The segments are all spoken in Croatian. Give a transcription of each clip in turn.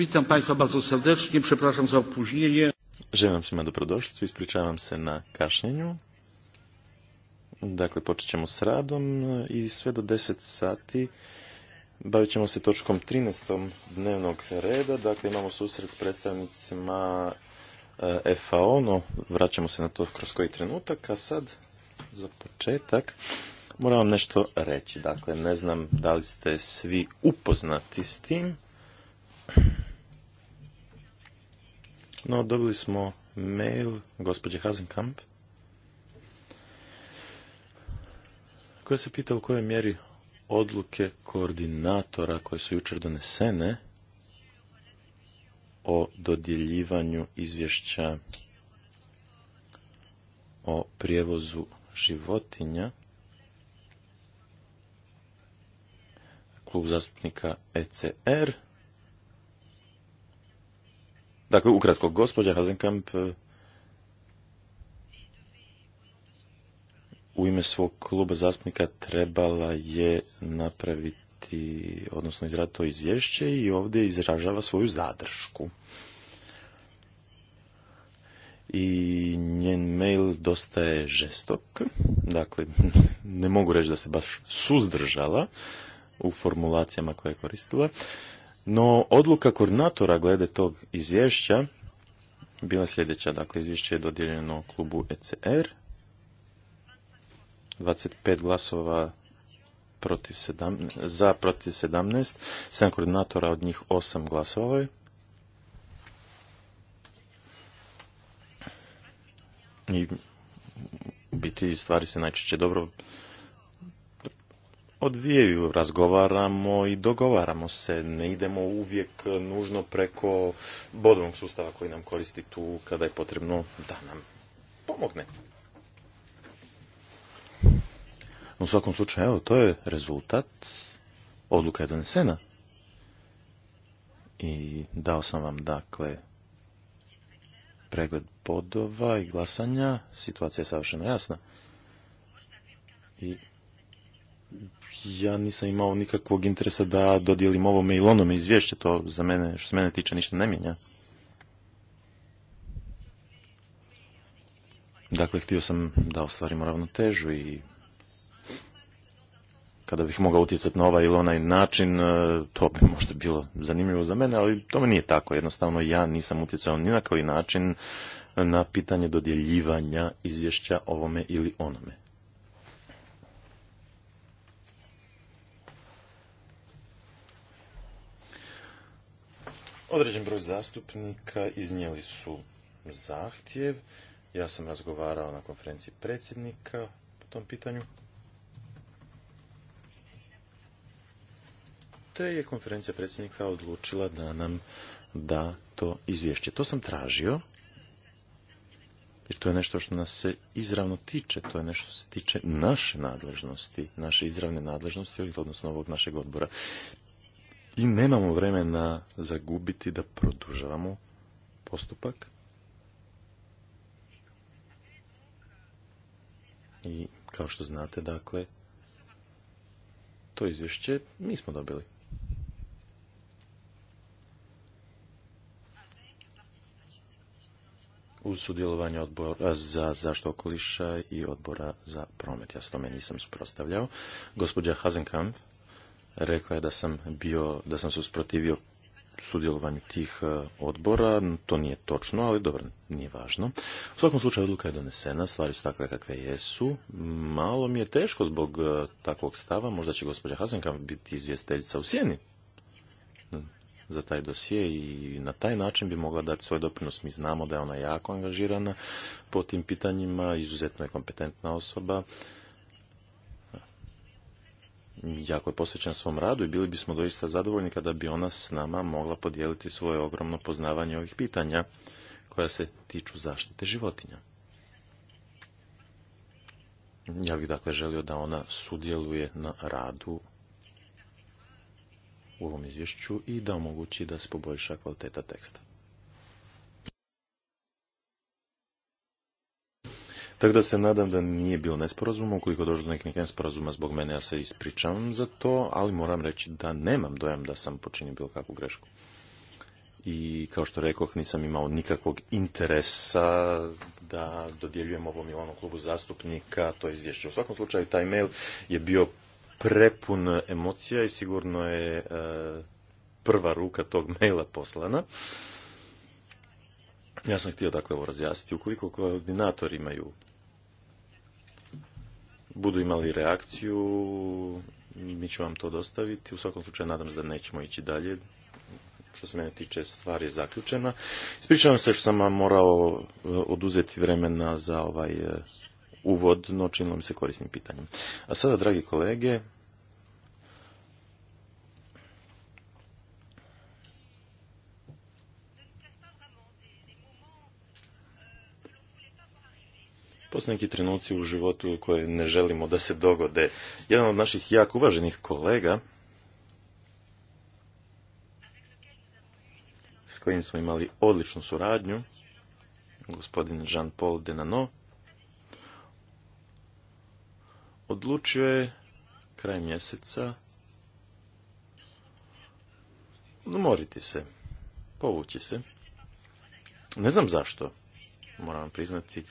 Witam Państwa bardzo serdecznie, przepraszam za opóźnienie. ma do svima dobrodošlicu, ispričavam se na kašnjenju. Dakle, počet ćemo s radom i sve do 10 sati bavit ćemo se točkom 13. dnevnog reda. Dakle, imamo susret s predstavnicima e, FAO, no vraćamo se na to kroz koji trenutak, a sad za početak moram vam nešto reći. Dakle, ne znam da li ste svi upoznati s tim. No, dobili smo mail gospođe Hazenkamp koja se pita u kojoj mjeri odluke koordinatora koje su jučer donesene o dodjeljivanju izvješća o prijevozu životinja klub zastupnika ECR Dakle, ukratko, gospođa Hazenkamp e, u ime svog kluba zastupnika trebala je napraviti, odnosno izraditi to izvješće i ovdje izražava svoju zadršku. I njen mail dosta je žestok, dakle ne mogu reći da se baš suzdržala u formulacijama koje je koristila. No, odluka koordinatora glede tog izvješća bila je sljedeća. Dakle, izvješće je dodijeljeno klubu ECR. 25 glasova protiv za protiv 17. 7 koordinatora od njih 8 glasovalo je. I u biti stvari se najčešće dobro odvijaju, razgovaramo i dogovaramo se, ne idemo uvijek nužno preko bodovnog sustava koji nam koristi tu kada je potrebno da nam pomogne. U svakom slučaju, evo, to je rezultat, odluka je donesena i dao sam vam, dakle, pregled bodova i glasanja, situacija je savršeno jasna i ja nisam imao nikakvog interesa da dodijelim ovome ili onome izvješće, to za mene, što se mene tiče, ništa ne mijenja. Dakle, htio sam da ostvarimo ravnotežu i kada bih mogao utjecati na ovaj ili onaj način, e, to bi možda bilo zanimljivo za mene, ali tome nije tako. Jednostavno, ja nisam utjecao ni na koji način na pitanje dodjeljivanja izvješća ovome ili onome. Određen broj zastupnika iznijeli su zahtjev. Ja sam razgovarao na konferenciji predsjednika po tom pitanju. Te je konferencija predsjednika odlučila da nam da to izvješće. To sam tražio, jer to je nešto što nas se izravno tiče, to je nešto što se tiče naše nadležnosti, naše izravne nadležnosti, odnosno ovog našeg odbora i nemamo vremena zagubiti da produžavamo postupak. I kao što znate, dakle, to izvješće mi smo dobili. uz sudjelovanje odbora za zašto okoliša i odbora za promet. Ja se tome nisam suprostavljao. Gospođa Hazenkamp. Rekla je da sam bio, da sam se usprotivio sudjelovanju tih e, odbora, to nije točno, ali dobro, nije važno. U svakom slučaju odluka je donesena, stvari su takve kakve jesu. Malo mi je teško zbog e, takvog stava, možda će gospođa Hasenka biti izvjesteljica u sjeni za taj dosije i na taj način bi mogla dati svoj doprinos. Mi znamo da je ona jako angažirana po tim pitanjima, izuzetno je kompetentna osoba jako je posvećena svom radu i bili bismo doista zadovoljni kada bi ona s nama mogla podijeliti svoje ogromno poznavanje ovih pitanja koja se tiču zaštite životinja. Ja bih dakle želio da ona sudjeluje na radu u ovom izvješću i da omogući da se poboljša kvaliteta teksta. Tako da se nadam da nije bilo nesporazuma, ukoliko došlo do nekih nesporazuma zbog mene, ja se ispričavam za to, ali moram reći da nemam dojam da sam počinio bilo kakvu grešku. I kao što rekoh, nisam imao nikakvog interesa da dodjeljujem ovom i u klubu zastupnika to izvješće. U svakom slučaju, taj mail je bio prepun emocija i sigurno je e, prva ruka tog maila poslana. Ja sam htio dakle ovo razjasniti. Ukoliko koordinatori imaju budu imali reakciju, mi ćemo vam to dostaviti. U svakom slučaju nadam se da nećemo ići dalje. Što se mene tiče, stvar je zaključena. Ispričavam se što sam vam morao eh, oduzeti vremena za ovaj eh, uvod, no činilo mi se korisnim pitanjem. A sada, dragi kolege, postoje neki trenuci u životu koje ne želimo da se dogode. Jedan od naših jako uvaženih kolega, s kojim smo imali odličnu suradnju, gospodin Jean-Paul Denano, odlučio je kraj mjeseca umoriti se, povući se. Ne znam zašto, moram priznati,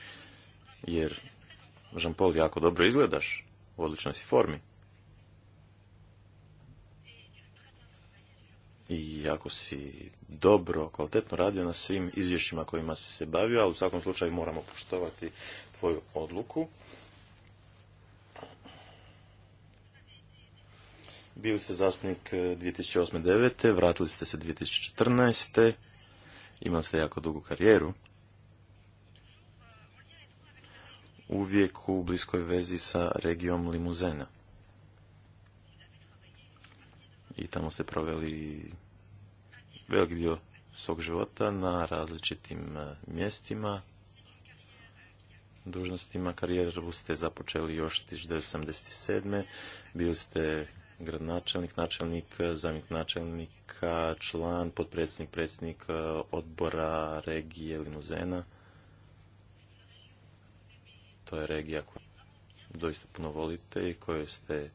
jer Jean Paul jako dobro izgledaš, u odličnoj si formi. I jako si dobro, kvalitetno radio na svim izvješćima kojima si se bavio, ali u svakom slučaju moramo poštovati tvoju odluku. Bili ste zastupnik 2008. 9. Vratili ste se 2014. Imali ste jako dugu karijeru. uvijek u bliskoj vezi sa regijom Limuzena. I tamo ste proveli velik dio svog života na različitim e, mjestima, dužnostima. Karijeru ste započeli još 1977. Bili ste gradnačelnik, načelnik, zamjenik načelnika, član, potpredsjednik, predsjednik e, odbora regije Limuzena. To je regija koju doista puno volite i kojoj ste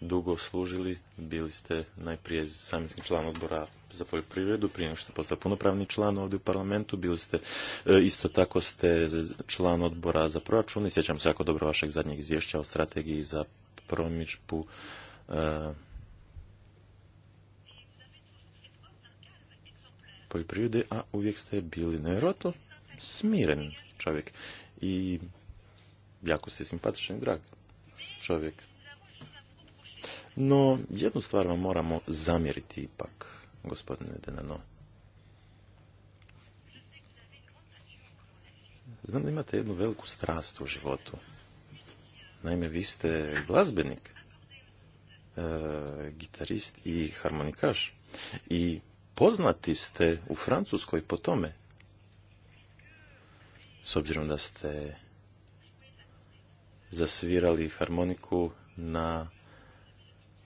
dugo služili. Bili ste najprije samisni član odbora za poljoprivredu, prije nego što postali punopravni član ovdje u parlamentu, bili ste, e, isto tako ste član odbora za proračun i sjećam se jako dobro vašeg zadnjeg izvješća o strategiji za promičpu e, poljoprivrede, a uvijek ste bili nevjerojatno smiren čovjek i jako ste simpatičan i drag čovjek. No, jednu stvar vam moramo zamjeriti ipak, gospodine Denano. Znam da imate jednu veliku strast u životu. Naime, vi ste glazbenik, e, gitarist i harmonikaš. I poznati ste u Francuskoj po tome. S obzirom da ste zasvirali harmoniku na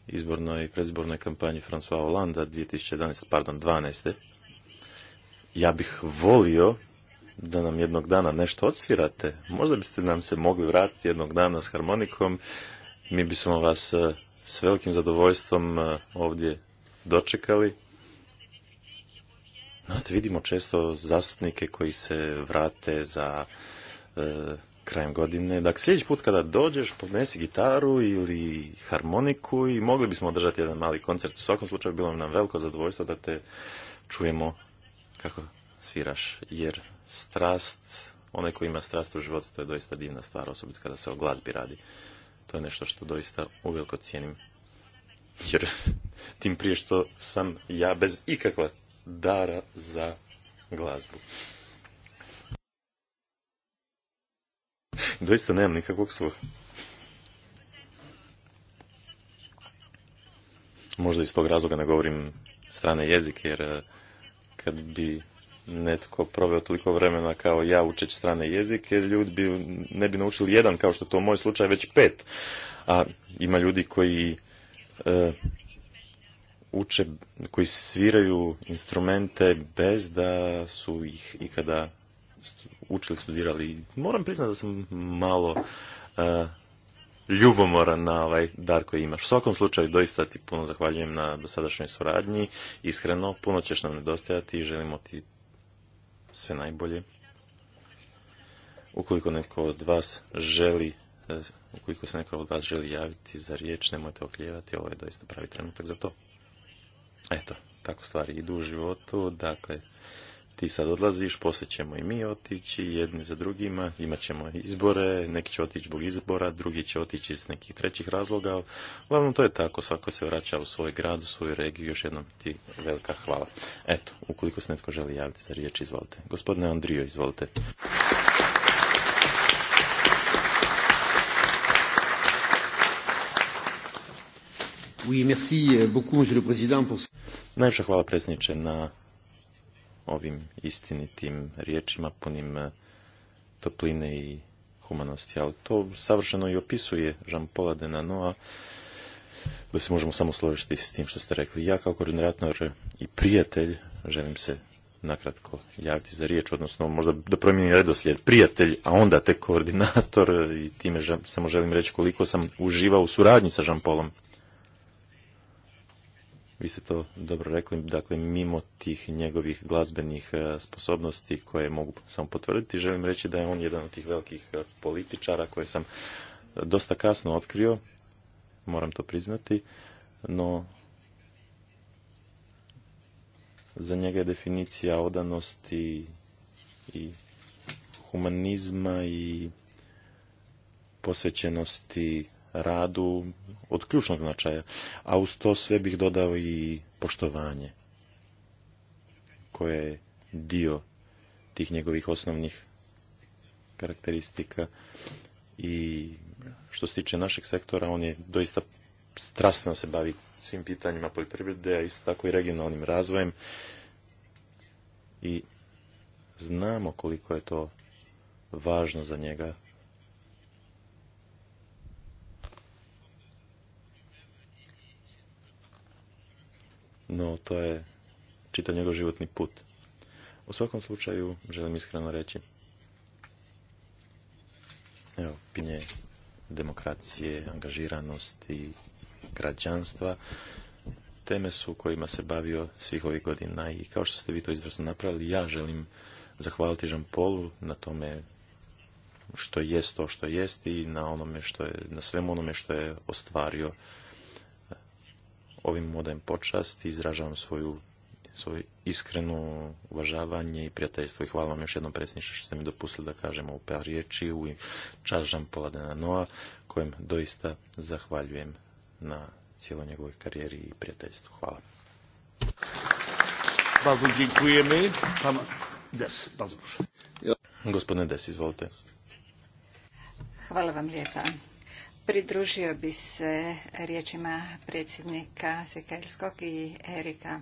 izbornoj i predizbornoj kampanji François Hollande 2011, pardon, 12. Ja bih volio da nam jednog dana nešto odsvirate. Možda biste nam se mogli vratiti jednog dana s harmonikom. Mi bismo vas e, s velikim zadovoljstvom e, ovdje dočekali. Znate, vidimo često zastupnike koji se vrate za e, krajem godine. Dakle, sljedeći put kada dođeš, podnesi gitaru ili harmoniku i mogli bismo održati jedan mali koncert. U svakom slučaju bilo nam veliko zadovoljstvo da te čujemo kako sviraš, jer strast, onaj koji ima strast u životu, to je doista divna stvar, osobito kada se o glazbi radi. To je nešto što doista uveliko cijenim. Jer tim prije što sam ja bez ikakva dara za glazbu. Doista nemam nikakvog sluha. Možda iz tog razloga ne govorim strane jezike, jer eh, kad bi netko proveo toliko vremena kao ja učeći strane jezike, ljudi bi, ne bi naučili jedan, kao što to u moj slučaj, već pet. A ima ljudi koji eh, uče, koji sviraju instrumente bez da su ih ikada učili, studirali. Moram priznati da sam malo e, ljubomoran na ovaj dar koji imaš. U svakom slučaju doista ti puno zahvaljujem na dosadašnjoj suradnji. Iskreno, puno ćeš nam nedostajati i želimo ti sve najbolje. Ukoliko neko od vas želi e, ukoliko se neko od vas želi javiti za riječ, nemojte okljevati, ovo je doista pravi trenutak za to. Eto, tako stvari idu u životu, dakle, ti sad odlaziš, poslije ćemo i mi otići, jedni za drugima, imat ćemo izbore, neki će otići zbog izbora, drugi će otići iz nekih trećih razloga. Uglavnom to je tako, svako se vraća u svoj grad, u svoju regiju, još jednom ti velika hvala. Eto, ukoliko se netko želi javiti za riječ, izvolite. Gospodine Andrijo, izvolite. Oui, hvala predsjedniče na ovim istinitim riječima punim e, topline i humanosti, ali to savršeno i opisuje Jean-Paul Denanoa, da se možemo samo složiti s tim što ste rekli. Ja kao koordinator i prijatelj želim se nakratko javiti za riječ, odnosno možda da promijenim redoslijed prijatelj, a onda tek koordinator i time samo želim reći koliko sam uživao u suradnji sa Jean-Paulom vi ste to dobro rekli, dakle mimo tih njegovih glazbenih e, sposobnosti koje mogu samo potvrditi, želim reći da je on jedan od tih velikih e, političara koje sam e, dosta kasno otkrio, moram to priznati, no za njega je definicija odanosti i humanizma i posvećenosti radu od ključnog značaja, a uz to sve bih dodao i poštovanje koje je dio tih njegovih osnovnih karakteristika i što se tiče našeg sektora, on je doista strastveno se bavi svim pitanjima poljoprivrede, a isto tako i regionalnim razvojem i znamo koliko je to važno za njega no to je čitav njegov životni put. U svakom slučaju, želim iskreno reći, evo, pinje demokracije, angažiranosti, građanstva, teme su kojima se bavio svih ovih godina i kao što ste vi to izvrsno napravili, ja želim zahvaliti Jean Paulu na tome što jest to što jest i na onome što je, na svemu onome što je ostvario ovim modem počast i izražavam svoju svoje iskreno uvažavanje i prijateljstvo i hvala vam još jednom predsjedniče što ste mi dopustili da kažem ovu par riječi u čas Jean Paul kojem doista zahvaljujem na cijeloj njegovoj karijeri i prijateljstvu. Hvala. Gospodine Des, izvolite. Hvala vam lijepa. Pridružio bi se riječima predsjednika Sekerskog i Erika.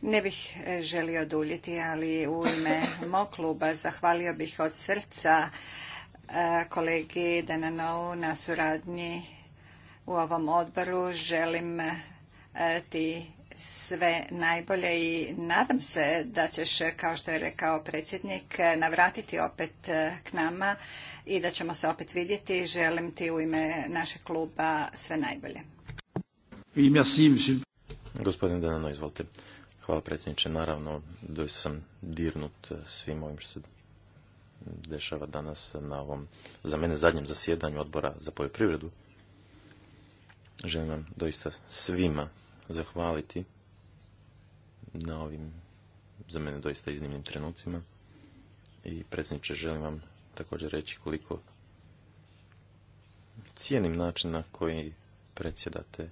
Ne bih želio duljiti, ali u ime mog kluba zahvalio bih od srca e, kolegi Dananou na suradnji u ovom odboru. Želim e, ti sve najbolje i nadam se da ćeš, kao što je rekao predsjednik, navratiti opet e, k nama i da ćemo se opet vidjeti. Želim ti u ime našeg kluba sve najbolje. Gospodin Danano, izvolite. Hvala predsjedniče. Naravno, doista sam dirnut svim ovim što se dešava danas na ovom, za mene zadnjem zasjedanju odbora za poljoprivredu. Želim vam doista svima zahvaliti na ovim za mene doista iznimnim trenucima. I predsjedniče, želim vam također reći koliko cijenim način na koji predsjedate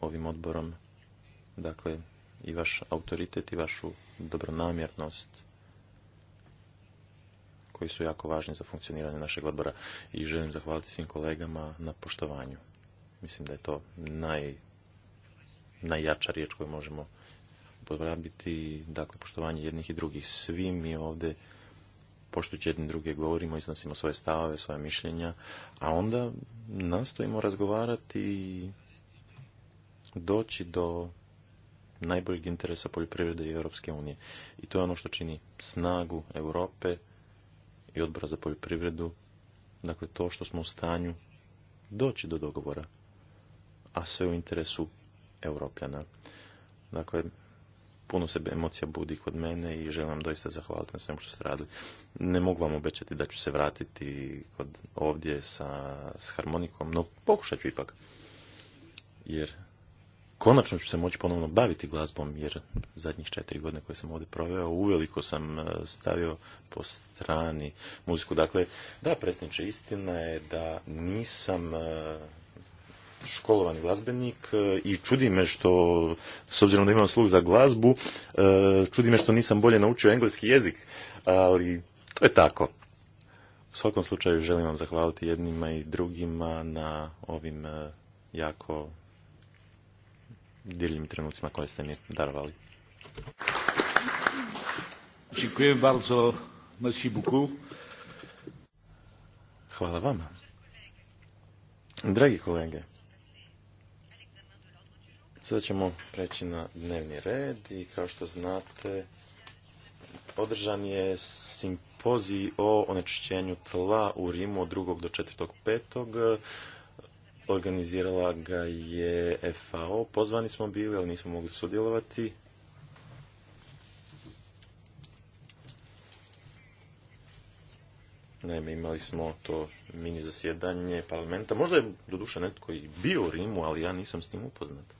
ovim odborom, dakle i vaš autoritet i vašu dobronamjernost koji su jako važni za funkcioniranje našeg odbora i želim zahvaliti svim kolegama na poštovanju. Mislim da je to naj, najjača riječ koju možemo podrabiti. dakle poštovanje jednih i drugih. Svi mi ovdje poštujući jedni druge govorimo, iznosimo svoje stavove, svoje mišljenja, a onda nastojimo razgovarati i doći do najboljeg interesa poljoprivrede i Europske unije. I to je ono što čini snagu Europe i odbora za poljoprivredu, dakle to što smo u stanju doći do dogovora, a sve u interesu Europljana. Dakle, puno se emocija budi kod mene i želim vam doista zahvaliti na svemu što ste radili. Ne mogu vam obećati da ću se vratiti kod ovdje sa, s harmonikom, no pokušat ću ipak. Jer konačno ću se moći ponovno baviti glazbom, jer zadnjih četiri godine koje sam ovdje proveo, uveliko sam e, stavio po strani muziku. Dakle, da, predsjedniče, istina je da nisam e, školovani glazbenik e, i čudi me što, s obzirom da imam sluh za glazbu, e, čudi me što nisam bolje naučio engleski jezik, ali to je tako. U svakom slučaju želim vam zahvaliti jednima i drugima na ovim e, jako divljim trenucima koje ste mi darovali. Hvala vama. Dragi kolege, Sada ćemo preći na dnevni red i kao što znate održan je simpozij o onečišćenju tla u Rimu od 2. do petog. Organizirala ga je FAO. Pozvani smo bili, ali nismo mogli sudjelovati. Naime, imali smo to mini zasjedanje parlamenta. Možda je doduše netko i bio u Rimu, ali ja nisam s njim upoznat.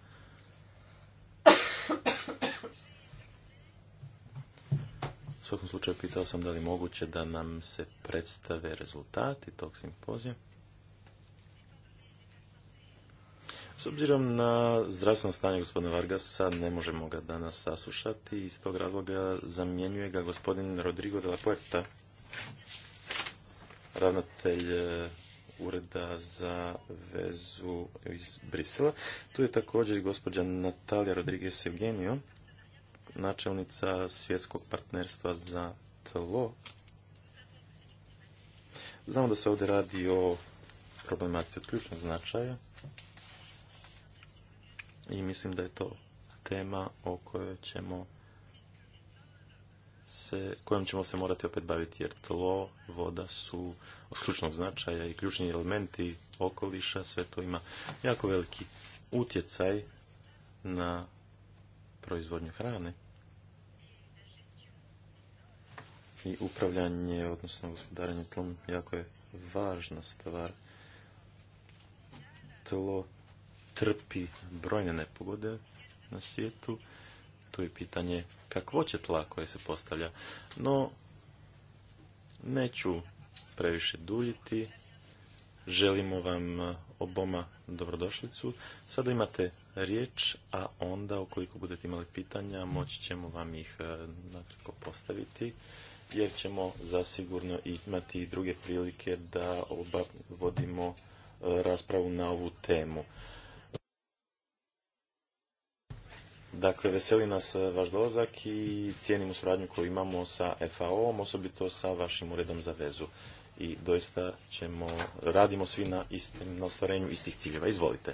U svakom slučaju pitao sam da li moguće da nam se predstave rezultati tog simpozija. S obzirom na zdravstveno stanje gospodina Vargasa, ne možemo ga danas saslušati i iz tog razloga zamjenjuje ga gospodin Rodrigo de la Puerta, ravnatelj e, ureda za vezu iz Brisela. Tu je također i gospođa Natalija Rodriguez Eugenio, načelnica svjetskog partnerstva za tlo. Znamo da se ovdje radi o problematici od ključnog značaja i mislim da je to tema o kojoj ćemo se, kojom ćemo se morati opet baviti jer tlo, voda su od ključnog značaja i ključni elementi okoliša, sve to ima jako veliki utjecaj na proizvodnju hrane. i upravljanje, odnosno gospodaranje tlom, jako je važna stvar. Tlo trpi brojne nepogode na svijetu. Tu je pitanje kakvo će tla koje se postavlja. No, neću previše duljiti. Želimo vam eh, oboma dobrodošlicu. Sada imate riječ, a onda ukoliko budete imali pitanja, moći ćemo vam ih eh, nakratko postaviti jer ćemo zasigurno imati i druge prilike da oba vodimo e, raspravu na ovu temu. Dakle, veseli nas e, vaš dolazak i cijenimo suradnju koju imamo sa FAO-om, osobito sa vašim uredom za vezu. I doista ćemo, radimo svi na, ostvarenju istih ciljeva. Izvolite.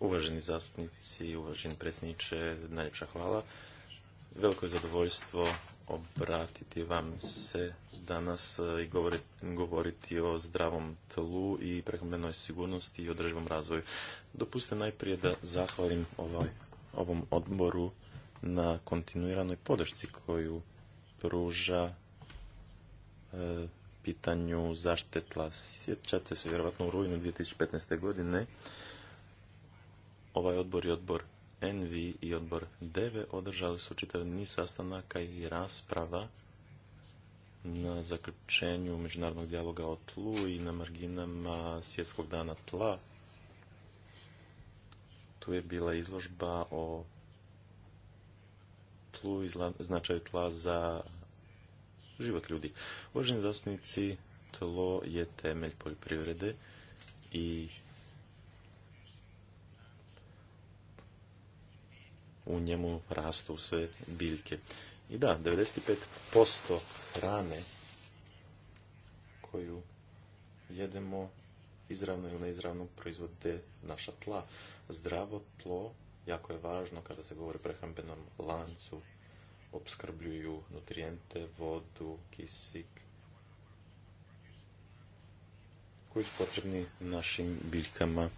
Uvaženi zastupnici, uvaženi predsjedniče, najljepša hvala. Veliko je zadovoljstvo obratiti vam se danas e, i govoriti, o zdravom tlu i prehrambenoj sigurnosti i održivom razvoju. Dopustite najprije da zahvalim ovaj, ovom odboru na kontinuiranoj podršci koju pruža e, pitanju zaštite tla. Sjećate se vjerojatno u rujnu 2015. godine ovaj odbor je odbor NV i odbor Deve održali su čitav niz sastanaka i rasprava na zaključenju međunarodnog dijaloga o tlu i na marginama svjetskog dana tla. Tu je bila izložba o tlu i značaju tla za život ljudi. Uvaženi zastupnici, tlo je temelj poljoprivrede i u njemu rastu sve biljke. I da, 95% hrane koju jedemo izravno ili neizravno proizvode naša tla. Zdravo tlo jako je važno kada se govori o prehrambenom lancu. Opskrbljuju nutrijente, vodu, kisik, koji su potrebni našim biljkama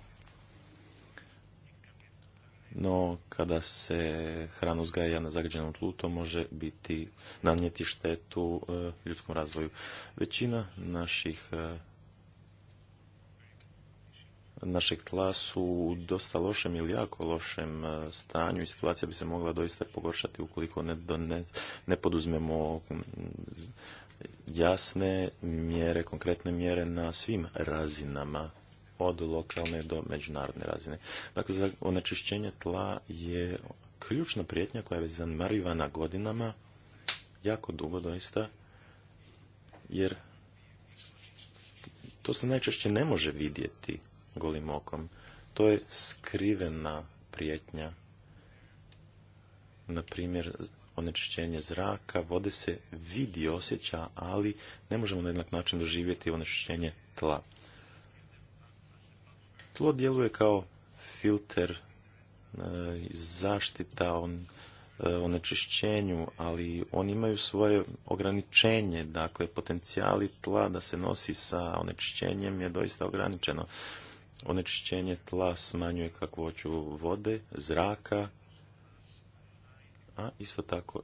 no kada se hrana uzgaja na zagađenom tlu, to može biti nanijeti štetu e, ljudskom razvoju. Većina naših e, našeg tla su u dosta lošem ili jako lošem e, stanju i situacija bi se mogla doista pogoršati ukoliko ne, ne poduzmemo jasne mjere, konkretne mjere na svim razinama od lokalne do međunarodne razine. Dakle, za onečišćenje tla je ključna prijetnja koja je zanemarivana godinama, jako dugo doista, jer to se najčešće ne može vidjeti golim okom. To je skrivena prijetnja. Na primjer, onečišćenje zraka, vode se vidi, osjeća, ali ne možemo na jednak način doživjeti onečišćenje tla. Tlo djeluje kao filter e, zaštita on, e, onečišćenju, ali oni imaju svoje ograničenje, dakle potencijali tla da se nosi sa onečišćenjem je doista ograničeno. Onečišćenje tla smanjuje kakvoću vode, zraka, a isto tako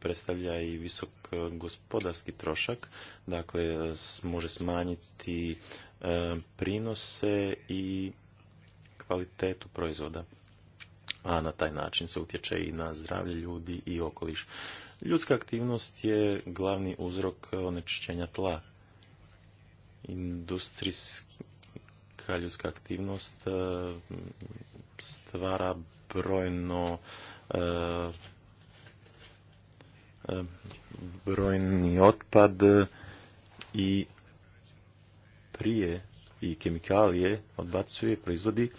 predstavlja i visok gospodarski trošak, dakle može smanjiti E, prinose i kvalitetu proizvoda a na taj način se utječe i na zdravlje ljudi i okoliš. Ljudska aktivnost je glavni uzrok onečišćenja tla. Industrijska ljudska aktivnost e, stvara brojno e, brojni otpad i prije i kemikalije odbacuje, proizvodi.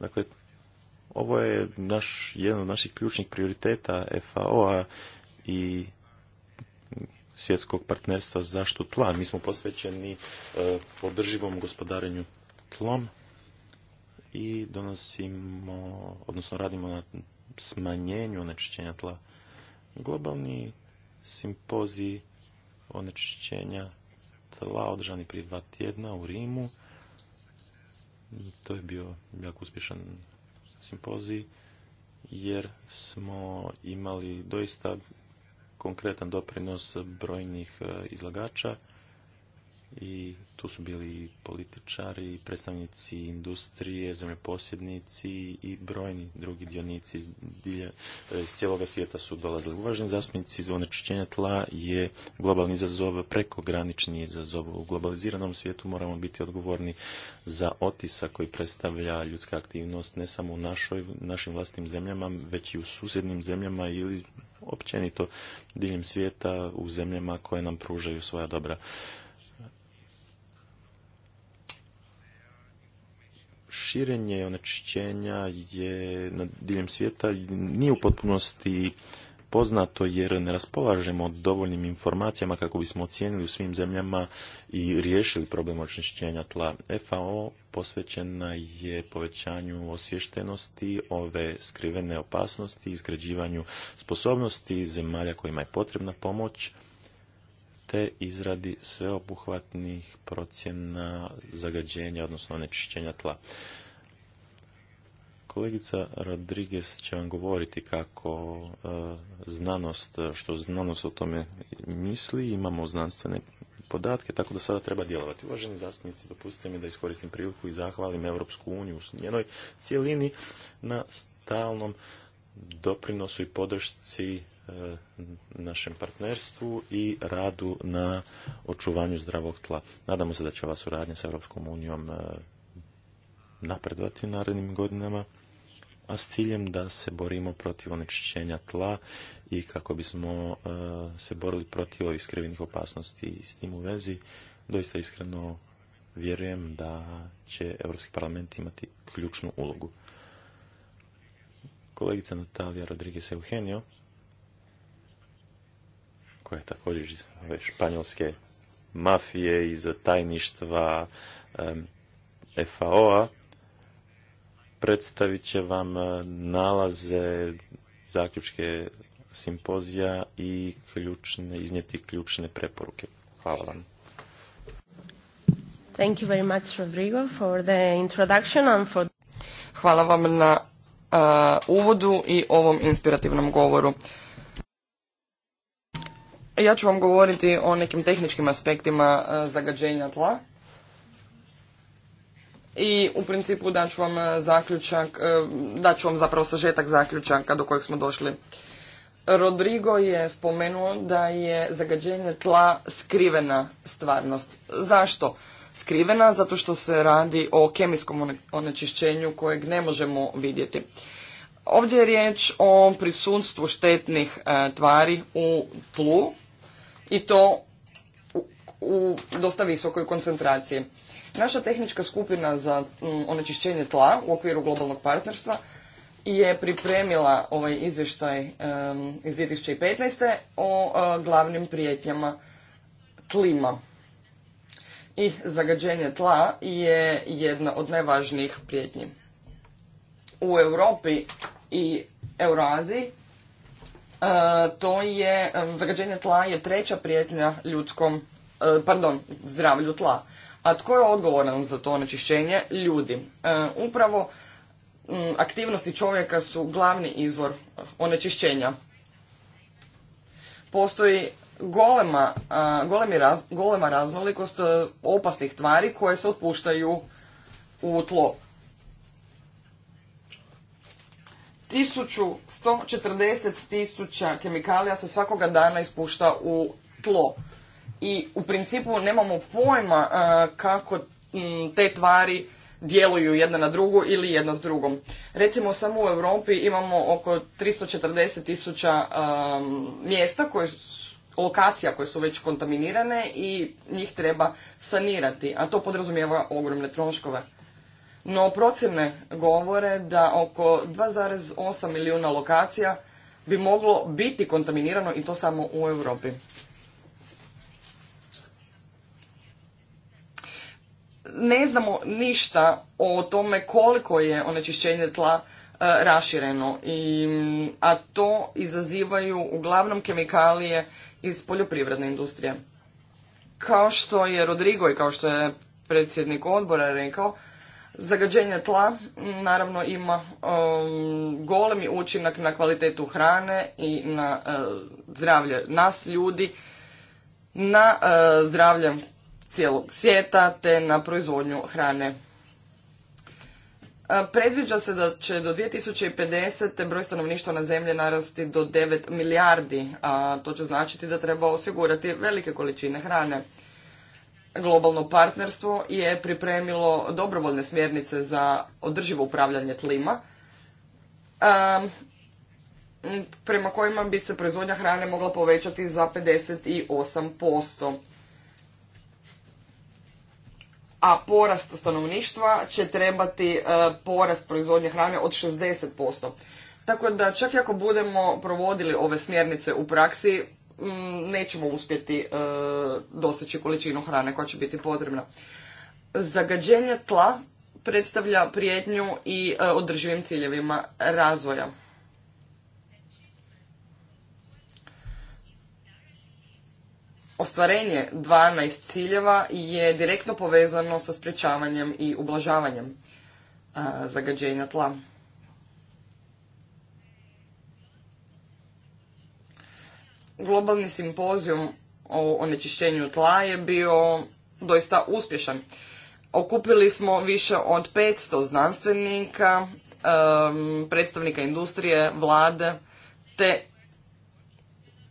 Dakle, ovo je naš, jedan od naših ključnih prioriteta FAO-a i svjetskog partnerstva za tla. Mi smo posvećeni e, održivom gospodarenju tlom i donosimo, odnosno radimo na smanjenju onečišćenja tla. Globalni simpozij onečišćenja tla održani prije dva tjedna u Rimu. To je bio jako uspješan simpozij jer smo imali doista konkretan doprinos brojnih e, izlagača i tu su bili političari, predstavnici industrije, zemljeposjednici i brojni drugi dionici dilje, e, iz cijeloga svijeta su dolazili. Uvaženi zastupnici za onečišćenja tla je globalni izazov, prekogranični izazov. U globaliziranom svijetu moramo biti odgovorni za otisak koji predstavlja ljudska aktivnost ne samo u našoj, našim vlastnim zemljama, već i u susjednim zemljama ili općenito diljem svijeta u zemljama koje nam pružaju svoja dobra. širenje onečišćenja je na diljem svijeta nije u potpunosti poznato jer ne raspolažemo dovoljnim informacijama kako bismo ocijenili u svim zemljama i riješili problem onečišćenja tla. FAO posvećena je povećanju osviještenosti ove skrivene opasnosti i izgrađivanju sposobnosti zemalja kojima je potrebna pomoć te izradi sveobuhvatnih procjena zagađenja, odnosno onečišćenja tla. Kolegica Rodriguez će vam govoriti kako e, znanost, što znanost o tome misli, imamo znanstvene podatke, tako da sada treba djelovati. Uvaženi zastupnici, dopustite mi da iskoristim priliku i zahvalim Europsku uniju u njenoj cijelini na stalnom doprinosu i podršci E, našem partnerstvu i radu na očuvanju zdravog tla. Nadamo se da će ova suradnja sa Europskom unijom e, napredovati u narednim godinama, a s ciljem da se borimo protiv onečišćenja tla i kako bismo e, se borili protiv ovih skrivenih opasnosti. I s tim u vezi doista iskreno vjerujem da će Europski parlament imati ključnu ulogu. Kolegica Natalija Rodriguez Eugenio koja je također iz španjolske mafije, iz tajništva FAO-a, predstavit će vam e, nalaze, zaključke simpozija i ključne, iznijeti ključne preporuke. Hvala vam. Thank you very much, Rodrigo, for the introduction and for... Hvala vam na e, uvodu i ovom inspirativnom govoru. Ja ću vam govoriti o nekim tehničkim aspektima e, zagađenja tla. I u principu daću vam e, zaključak, e, daću vam zapravo sažetak zaključaka do kojeg smo došli. Rodrigo je spomenuo da je zagađenje tla skrivena stvarnost. Zašto? Skrivena zato što se radi o kemijskom onečišćenju kojeg ne možemo vidjeti. Ovdje je riječ o prisunstvu štetnih tvari u tlu i to u, dosta visokoj koncentraciji. Naša tehnička skupina za mm, onečišćenje tla u okviru globalnog partnerstva je pripremila ovaj izvještaj iz 2015. o e, glavnim prijetnjama tlima. I zagađenje tla je jedna od najvažnijih prijetnji. U Europi i Euraziji E, to je, zagađenje tla je treća prijetnja ljudskom, e, pardon, zdravlju tla. A tko je odgovoran za to onečišćenje? Ljudi. E, upravo aktivnosti čovjeka su glavni izvor onečišćenja. Postoji golema, golema raznolikost opasnih tvari koje se otpuštaju u tlo. 1140 tisuća kemikalija se svakoga dana ispušta u tlo. I u principu nemamo pojma e, kako te tvari djeluju jedna na drugu ili jedna s drugom. Recimo samo u Europi imamo oko 340 tisuća mjesta koje lokacija koje su već kontaminirane i njih treba sanirati, a to podrazumijeva ogromne troškove no procjene govore da oko 2,8 milijuna lokacija bi moglo biti kontaminirano i to samo u Europi. Ne znamo ništa o tome koliko je onečišćenje tla e, rašireno, a to izazivaju uglavnom kemikalije iz poljoprivredne industrije. Kao što je Rodrigo i kao što je predsjednik odbora rekao, Zagađenje tla naravno ima um, golemi učinak na kvalitetu hrane i na uh, zdravlje nas ljudi, na uh, zdravlje cijelog svijeta te na proizvodnju hrane. Uh, predviđa se da će do 2050. broj stanovništva na zemlji narasti do 9 milijardi, a to će značiti da treba osigurati velike količine hrane globalno partnerstvo je pripremilo dobrovoljne smjernice za održivo upravljanje tlima um, prema kojima bi se proizvodnja hrane mogla povećati za 58%. A porast stanovništva će trebati uh, porast proizvodnje hrane od 60%. Tako da čak i ako budemo provodili ove smjernice u praksi, Mm, nećemo uspjeti e, doseći količinu hrane koja će biti potrebna. Zagađenje tla predstavlja prijetnju i e, održivim ciljevima razvoja. Ostvarenje 12 ciljeva je direktno povezano sa sprječavanjem i ublažavanjem e, zagađenja tla. globalni simpozijum o onečišćenju tla je bio doista uspješan. Okupili smo više od 500 znanstvenika, predstavnika industrije, vlade, te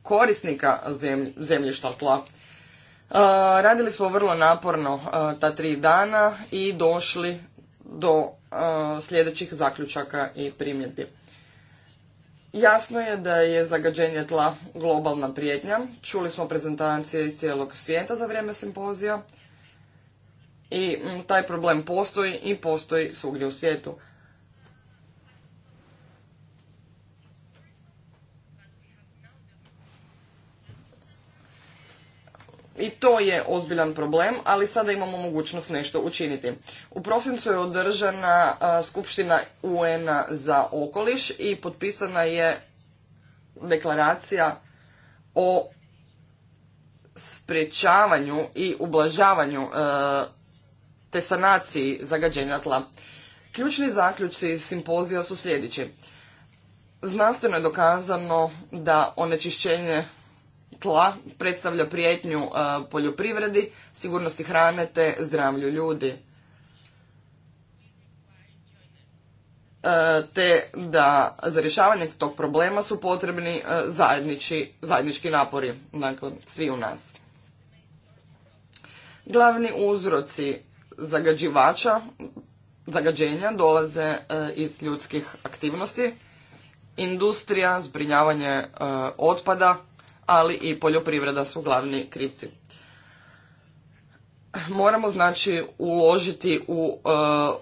korisnika zemljišta tla. Eh, radili smo vrlo naporno eh, ta tri dana i došli do eh, sljedećih zaključaka i primjedbi. Jasno je da je zagađenje tla globalna prijetnja. Čuli smo prezentacije iz cijelog svijeta za vrijeme simpozija. I mm, taj problem postoji i postoji svugdje u svijetu. I to je ozbiljan problem, ali sada imamo mogućnost nešto učiniti. U prosincu je održana skupština UN-a za okoliš i potpisana je deklaracija o sprječavanju i ublažavanju te sanaciji zagađenja tla. Ključni zaključci simpozija su sljedeći. Znanstveno je dokazano da onečišćenje tla predstavlja prijetnju e, poljoprivredi, sigurnosti hrane te zdravlju ljudi. E, te da za rješavanje tog problema su potrebni e, zajednički napori, dakle svi u nas. Glavni uzroci zagađivača, zagađenja dolaze iz ljudskih aktivnosti, industrija, zbrinjavanje otpada, ali i poljoprivreda su glavni kripci. Moramo znači uložiti u e,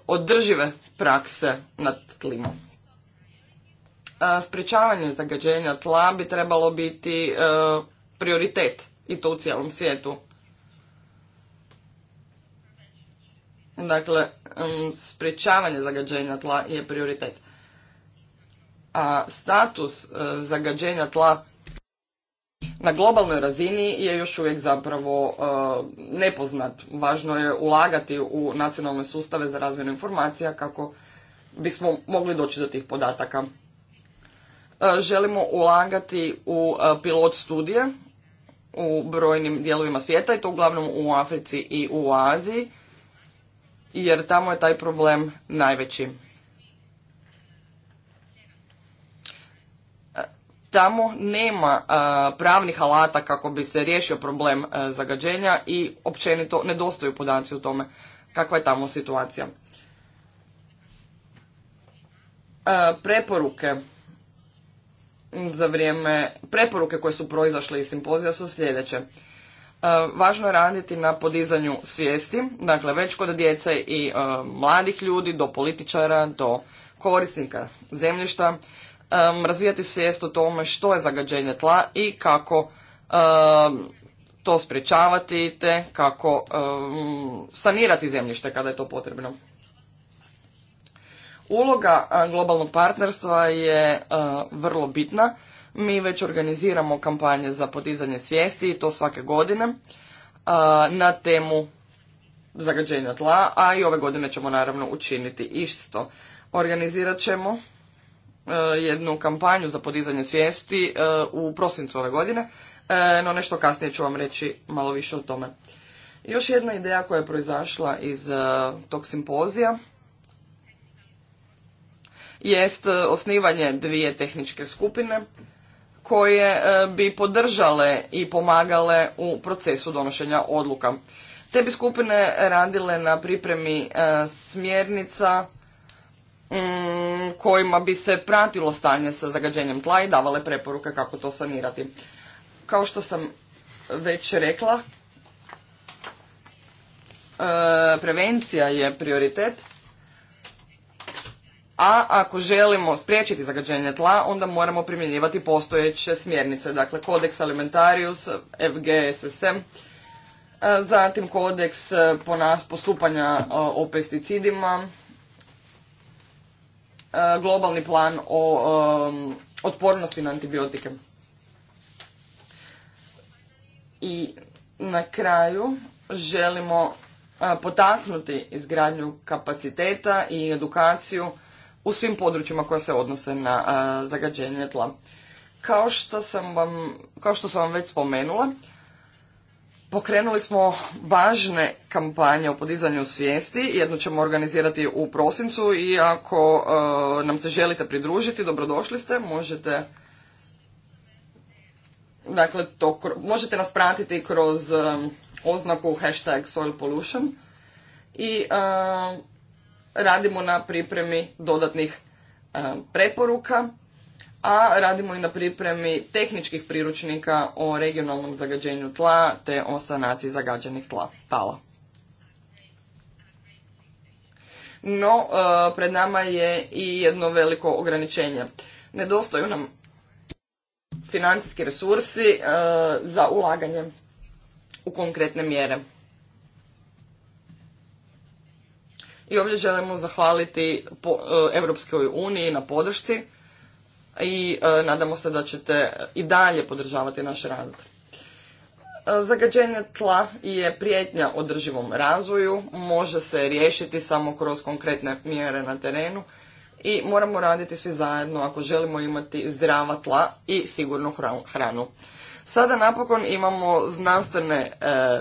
održive prakse nad tlima. E, sprečavanje zagađenja tla bi trebalo biti e, prioritet i to u cijelom svijetu. Dakle, sprečavanje zagađenja tla je prioritet. A status zagađenja tla na globalnoj razini je još uvijek zapravo e, nepoznat. Važno je ulagati u nacionalne sustave za razvijenu informacija kako bismo mogli doći do tih podataka. E, želimo ulagati u e, pilot studije u brojnim dijelovima svijeta i to uglavnom u Africi i u Aziji jer tamo je taj problem najveći. tamo nema e, pravnih alata kako bi se riješio problem e, zagađenja i općenito nedostaju podaci u tome kakva je tamo situacija. E, preporuke za vrijeme, preporuke koje su proizašle iz simpozija su sljedeće. Važno je raditi na podizanju svijesti, dakle već kod djece i mladih ljudi do političara, do korisnika zemljišta, um, razvijati svijest o tome što je zagađenje tla i kako to sprječavati te kako sanirati zemljište kada je to potrebno. Uloga globalnog partnerstva je vrlo bitna. Mi već organiziramo kampanje za podizanje svijesti i to svake godine na temu zagađenja tla, a i ove godine ćemo naravno učiniti isto. Organizirat ćemo E, jednu kampanju za podizanje svijesti e, u prosincu ove godine, e, no nešto kasnije ću vam reći malo više o tome. Još jedna ideja koja je proizašla iz tog simpozija jest osnivanje dvije tehničke skupine koje bi podržale i pomagale u procesu donošenja odluka. Te bi skupine radile na pripremi smjernica Mm, kojima bi se pratilo stanje sa zagađenjem tla i davale preporuke kako to sanirati. Kao što sam već rekla, e, prevencija je prioritet, a ako želimo spriječiti zagađenje tla, onda moramo primjenjivati postojeće smjernice, dakle kodeks alimentarius, FGSSM, e, zatim kodeks e, postupanja o pesticidima, E, globalni plan o e, otpornosti na antibiotike. I na kraju želimo e, potaknuti izgradnju kapaciteta i edukaciju u svim područjima koja se odnose na zagađenje tla. Kao što sam vam, kao što sam vam već spomenula, Pokrenuli smo važne kampanje o podizanju svijesti, jednu ćemo organizirati u prosincu i ako e, nam se želite pridružiti, dobrodošli ste, možete dakle, možete nas pratiti kroz e, oznaku hashtag soil pollution i e, radimo na pripremi dodatnih preporuka a radimo i na pripremi tehničkih priručnika o regionalnom zagađenju tla te o sanaciji zagađenih tla, Hvala. No, e, pred nama je i jedno veliko ograničenje. Nedostaju nam financijski resursi e, za ulaganje u konkretne mjere. I ovdje želimo zahvaliti e, Europskoj uniji na podršci i e, nadamo se da ćete i dalje podržavati naš rad. E, zagađenje tla je prijetnja održivom razvoju, može se riješiti samo kroz konkretne mjere na terenu i moramo raditi svi zajedno ako želimo imati zdrava tla i sigurnu hranu. Sada napokon imamo znanstvene e,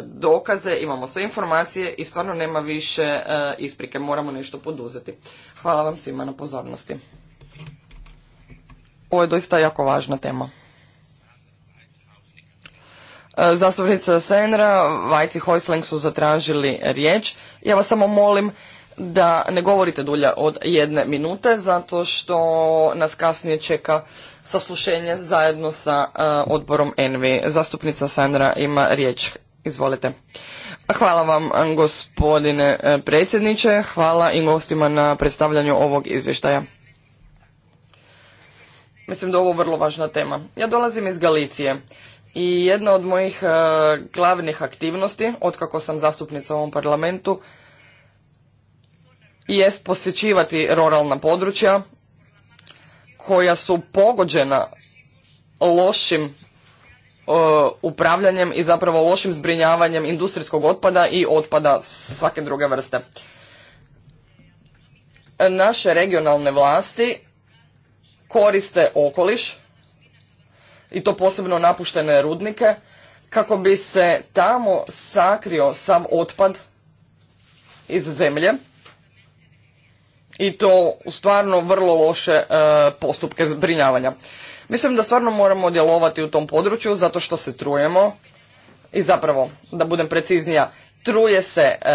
dokaze, imamo sve informacije i stvarno nema više isprike, moramo nešto poduzeti. Hvala vam svima na pozornosti. Ovo je doista jako važna tema. E, zastupnica Senra, Vajci Hojsling su zatražili riječ. Ja vas samo molim da ne govorite dulje od jedne minute, zato što nas kasnije čeka saslušenje zajedno sa e, odborom Envi. Zastupnica Sandra ima riječ. Izvolite. Hvala vam, gospodine e, predsjedniče. Hvala i gostima na predstavljanju ovog izvještaja. Mislim da je ovo vrlo važna tema. Ja dolazim iz Galicije i jedna od mojih e, glavnih aktivnosti, otkako sam zastupnica u ovom parlamentu, jest posjećivati ruralna područja koja su pogođena lošim e, upravljanjem i zapravo lošim zbrinjavanjem industrijskog otpada i otpada svake druge vrste. Naše regionalne vlasti koriste okoliš i to posebno napuštene rudnike kako bi se tamo sakrio sam otpad iz zemlje i to u stvarno vrlo loše e, postupke zbrinjavanja. Mislim da stvarno moramo djelovati u tom području zato što se trujemo i zapravo, da budem preciznija, truje se, e,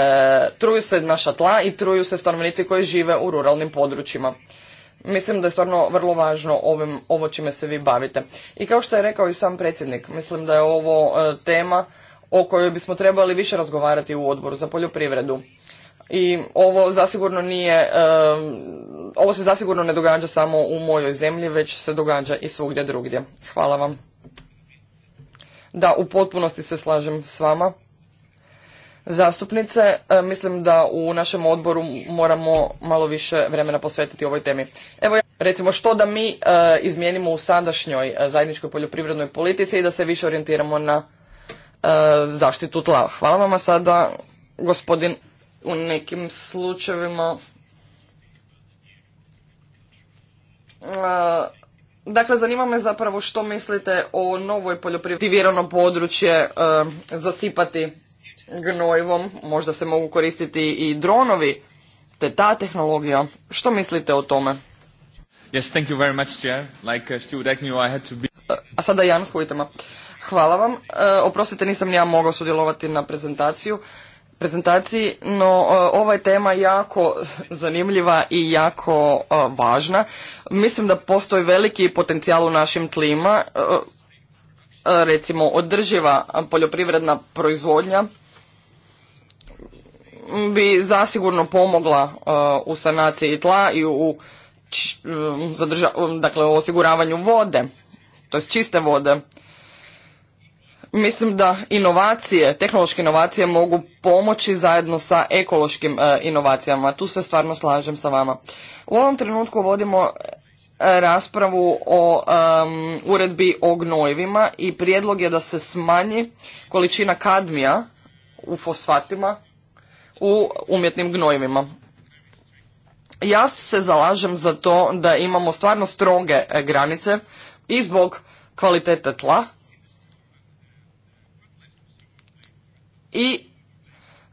truju se naša tla i truju se stanovnici koji žive u ruralnim područjima. Mislim da je stvarno vrlo važno ovim, ovo čime se vi bavite. I kao što je rekao i sam predsjednik, mislim da je ovo e, tema o kojoj bismo trebali više razgovarati u odboru za poljoprivredu. I ovo zasigurno nije, e, ovo se zasigurno ne događa samo u mojoj zemlji, već se događa i svugdje drugdje. Hvala vam. Da, u potpunosti se slažem s vama zastupnice. E, mislim da u našem odboru moramo malo više vremena posvetiti ovoj temi. Evo recimo što da mi e, izmijenimo u sadašnjoj e, zajedničkoj poljoprivrednoj politici i da se više orijentiramo na zaštitu tla. Hvala vam sada gospodin u nekim slučajevima Dakle, zanima me zapravo što mislite o novoj poljoprivrednoj područje zasipati gnojivom, možda se mogu koristiti i dronovi, te ta tehnologija. Što mislite o tome? Yes, thank A sada Jan Hvala vam. E, oprostite, nisam ja mogao sudjelovati na prezentaciju, prezentaciji, no e, ova je tema jako zanimljiva i jako e, važna. Mislim da postoji veliki potencijal u našim tlima, recimo održiva poljoprivredna proizvodnja, bi zasigurno pomogla uh, u sanaciji tla i u um, um, dakle, osiguravanju vode, to čiste vode. Mislim da inovacije, tehnološke inovacije mogu pomoći zajedno sa ekološkim uh, inovacijama. Tu se stvarno slažem sa vama. U ovom trenutku vodimo uh, raspravu o um, uredbi o gnojivima i prijedlog je da se smanji količina kadmija u fosfatima u umjetnim gnojivima. Ja se zalažem za to da imamo stvarno stroge e, granice i zbog kvalitete tla i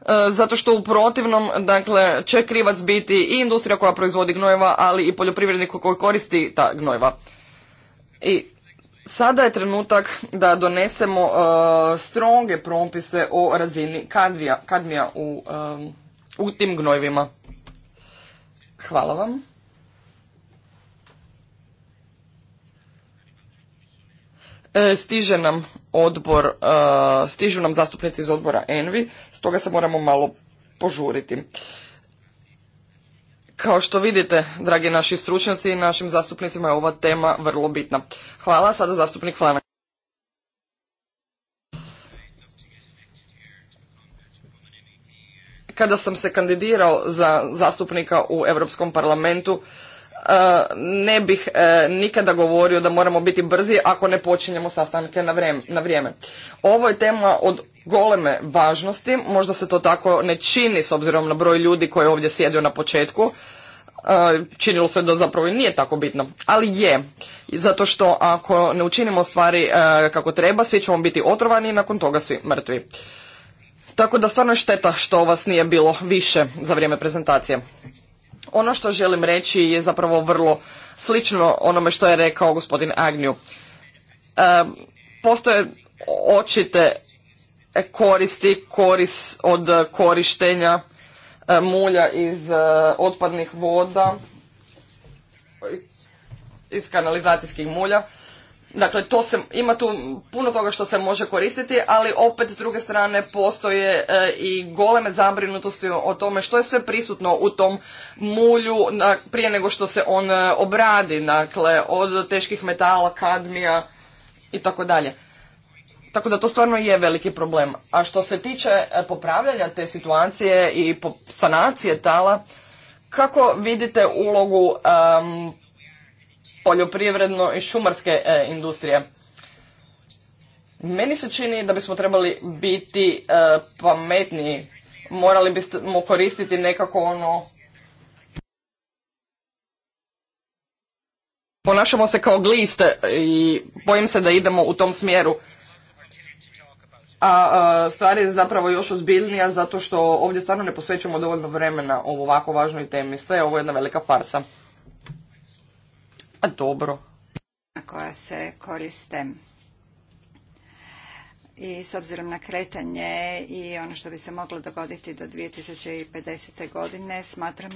e, zato što u protivnom dakle, će krivac biti i industrija koja proizvodi gnojeva, ali i poljoprivrednik koji koristi ta gnojeva. I Sada je trenutak da donesemo stronge stroge propise o razini kadvija, kadmija u, e, u tim gnojivima. Hvala vam. E, stiže nam odbor, e, stižu nam zastupnici iz odbora Envi, stoga se moramo malo požuriti. Kao što vidite, dragi naši stručnjaci i našim zastupnicima je ova tema vrlo bitna. Hvala, sada zastupnik Kada sam se kandidirao za zastupnika u Europskom parlamentu, E, ne bih e, nikada govorio da moramo biti brzi ako ne počinjemo sastanke na vrijeme. Ovo je tema od goleme važnosti, možda se to tako ne čini s obzirom na broj ljudi koji ovdje sjedio na početku, e, činilo se da zapravo i nije tako bitno, ali je. Zato što ako ne učinimo stvari kako treba, svi ćemo biti otrovani i nakon toga svi mrtvi. Tako da stvarno je šteta što vas nije bilo više za vrijeme prezentacije. Ono što želim reći je zapravo vrlo slično onome što je rekao gospodin Agnju. E, postoje očite koristi koris od korištenja e, mulja iz e, otpadnih voda, iz kanalizacijskih mulja. Dakle, to se, ima tu puno toga što se može koristiti, ali opet s druge strane postoje e, i goleme zabrinutosti o tome što je sve prisutno u tom mulju na, prije nego što se on e, obradi, dakle, od teških metala, kadmija i tako dalje. Tako da to stvarno je veliki problem. A što se tiče e, popravljanja te situacije i sanacije tala, kako vidite ulogu poljoprivredno i šumarske e, industrije. Meni se čini da bismo trebali biti e, pametniji, morali bismo koristiti nekako ono Ponašamo se kao gliste i bojim se da idemo u tom smjeru. A, a e, stvar je zapravo još ozbiljnija zato što ovdje stvarno ne posvećujemo dovoljno vremena o ovako važnoj temi. Sve je ovo jedna velika farsa. Pa dobro koja se koriste i s obzirom na kretanje i ono što bi se moglo dogoditi do 2050. godine smatram